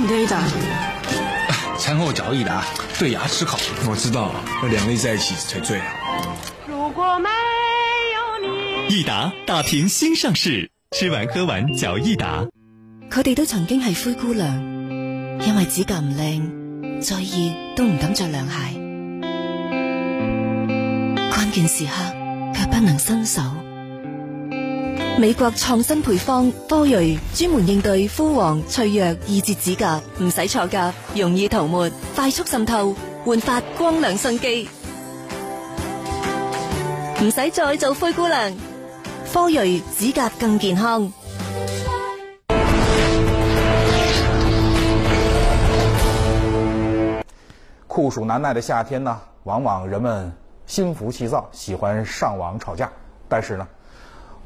你的益達，餐後嚼益達，對牙齒好。我知道，要兩粒在一起才最好。益達大瓶新上市，吃完喝完嚼益達。佢哋都曾經係灰姑娘，因為指甲唔靚，再熱都唔敢着涼鞋。關鍵時刻卻不能伸手。美國創新配方科瑞專門應對枯黃脆弱易折指甲，唔使搓甲，容易塗抹，快速滲透，煥發光亮生機，唔使再做灰姑娘，科瑞指甲更健康。酷暑難耐嘅夏天呢、啊，往往人們心浮氣躁，喜歡上網吵架，但是呢。